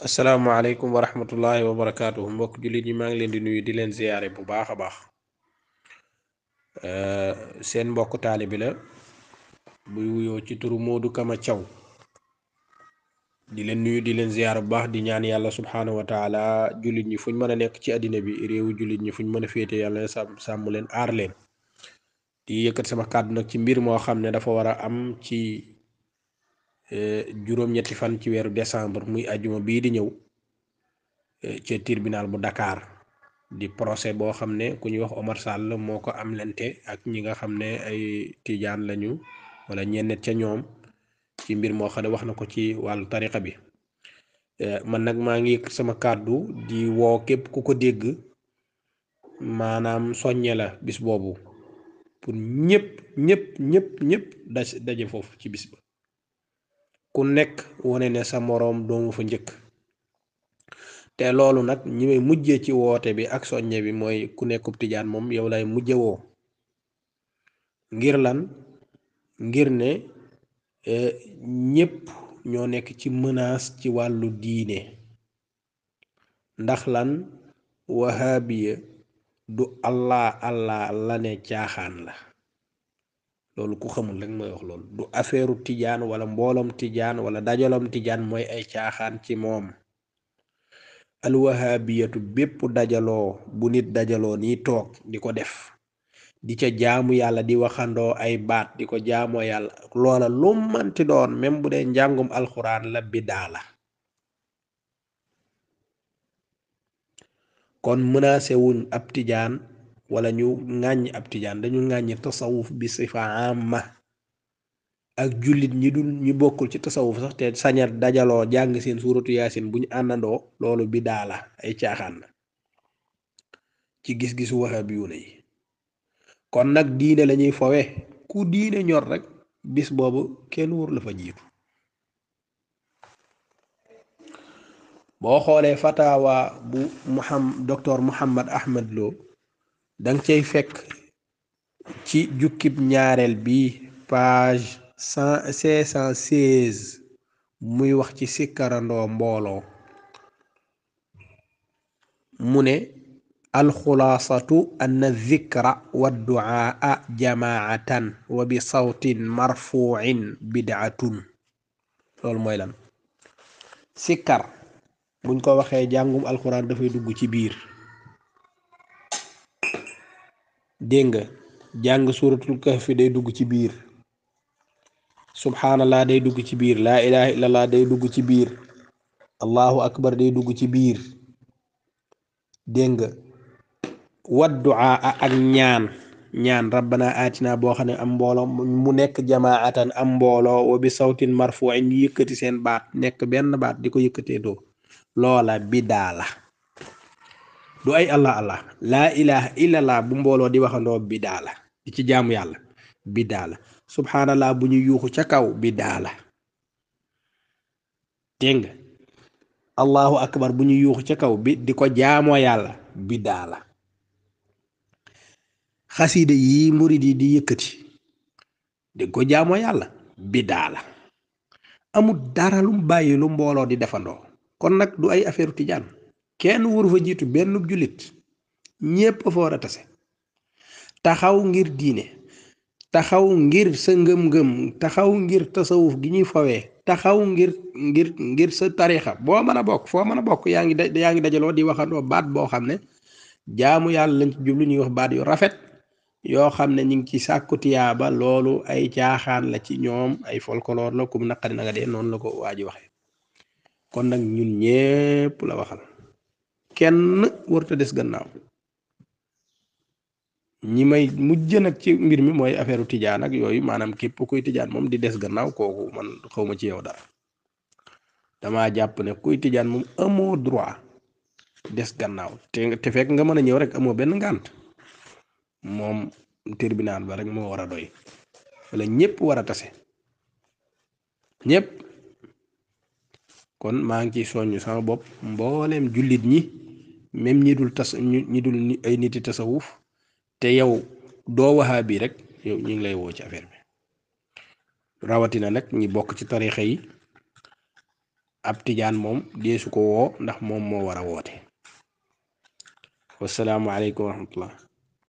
asalaamaaleykum wa rahmatullahi wa mbokk jullit ñi maa ngi leen di nuyu di leen ziyaare bu baax a baax euh, seen mbokk taalibi la buy wuyoo ci turu Modou Kama Thiaw di leen nuyu di leen ziyaare bu baax di ñaan yàlla subhaanahu wa taala jullit ñi fuñ mën a nekk ci àddina bi réewu jullit ñi fuñ mën a féete yàlla sàmm sàmm leen aar leen di yëkkat sama kàddu nag ci mbir moo xam ne dafa war a am ci Eh, juróom-ñetti fan ci weeru décembre muy ajuma bii di ñëw eh, ci tribunal bu dakaar di procès boo xam ne ku ñuy wax Omar Sall moo ko am lente ak ñi nga xam ne ay tijaan lañu wala ñenn ca ñoom ci mbir moo xam ne wax na ko ci wàllu tariqa bi eh, man nag maa ngi sama kàddu di woo képp ku ko dégg maanaam soññee la bis boobu pour ñëpp ñëpp ñëpp ñëpp daje foofu ci bis ba ku nekk wone ne sa moroom doomu fa njëkk te loolu nag ñi may mujje ci woote bi ak soññe bi mooy ku nekkub tijaan moom yow lay mujje woo ngir lan ngir ne e, ñépp ñoo nekk ci menace ci wàllu diine ndax lan wahaabiya du allah allah la ne caaxaan la loolu ku xamul rek mooy wax loolu du affaire tijaan wala mboolam tijaan wala dajaloom tijaan mooy ay caaxaan ci moom alwahabiyatu bépp dajaloo bu nit dajaloo ni toog di ko def di ca jaamu yàlla di waxandoo ay baat di ko jaamoo yàlla loola lu manti doon même bu dee njàngum alxuraan la bidaa la kon menacé ab tijaan wala ñu ŋàññi ab tijaan dañu ŋàññi tasawuf bi sifa amma ak jullit ñi dul ñi bokkul ci tasawuf sax te sañar dajaloo jàng seen suuratu yaasin bu ñu àndandoo loolu bi daala ay caaxaan na ci gis-gisu wahabiyu ne yi kon nag diine lañuy fowe ku diine ñor rek bis boobu kenn wóor la fa jiitu boo xoolee fatawa bu muham docteur Muhammad Ahmad Lo danga cey fekk ci jukkib ñaareel bi page cent cinq cent seize muy wax ci sikkarandoo mbooloo mu ne alxulaasatu ana zikra wa duaa jamaatan wa bi sawtin marfuin bidaatun loolu mooy lan sikkar buñ ko waxee jàngum alxuraan dafay dugg ci biir dégg nga jàng suuratul kahfi day dugg ci biir subhanallah day dugg ci biir laa ilaha illallah day dugg ci biir allahu akbar day dugg ci biir dégg nga wadduaa ak ñaan ñaan rabbana atina boo xam ne am mbooloo mu nekk jamaatan am mbooloo wa bi sawtin marfuin yëkkati seen baat nekk benn baat di ko yëkkatee doo loola bidaa la du ay allah allah laa ilaha illallah bu mbooloo di waxandoo bidaa la di ci jaamu yàlla bidaa la subhanallah bu ñu yuuxu ca kaw bidaa la dégg bu ñu yuuxu ca kaw bi di ko jaamoo yàlla bidaa la xasiida yi murid yi di yëkkati di ko jaamoo yàlla bidaa la amul dara lu mu bàyyi lu mbooloo di defandoo kon nag du ay affaire tijaan kenn wuru fa jiitu benn jullit ñépp fa war a tase taxaw ngir diine taxaw ngir sa ngëm-ngëm taxaw ngir tasawuf gi ñuy fawee taxaw ngir ngir ngir sa tariixa boo mën a bokk foo mën a bokk yaa ngi yaa ngi dajaloo di waxandoo baat boo xam ne jaamu yàlla lañ ci jublu ñuy wax baat yu rafet yoo xam ne ñu ngi ci sàkku tiyaaba loolu ay caaxaan la ci ñoom ay folklore la kum naqari na nga dee noonu la ko waa ji waxee kon nag ñun ñépp la waxal kenn warut a des gannaaw ñi may mujj nag ci mbir mi mooy affaire tijaan ak yooyu maanaam képp kuy tijaan moom di des gannaaw kooku man xaw ma ci yow dara damaa jàpp ne kuy tijaan moom amoo droit des gannaaw te te fekk nga mën a ñëw rek amoo benn ngànt moom tribunal ba rek moo war a doy wala ñëpp war a tase ñëpp kon maa ngi ciy soññ sama bopp mbooleem jullit ñi. même ñi dul tas ñi dul ay niti tasawuf te yow doo waxaa bi rek ñu ngi lay woo ci affaire bi rawatina nag ñi bokk ci tarixa yi ab tijaan moom deesu ko woo ndax moom moo war a woote wasalaamualeykum wa rahmatullah